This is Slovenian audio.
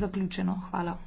zaključeno. Hvala.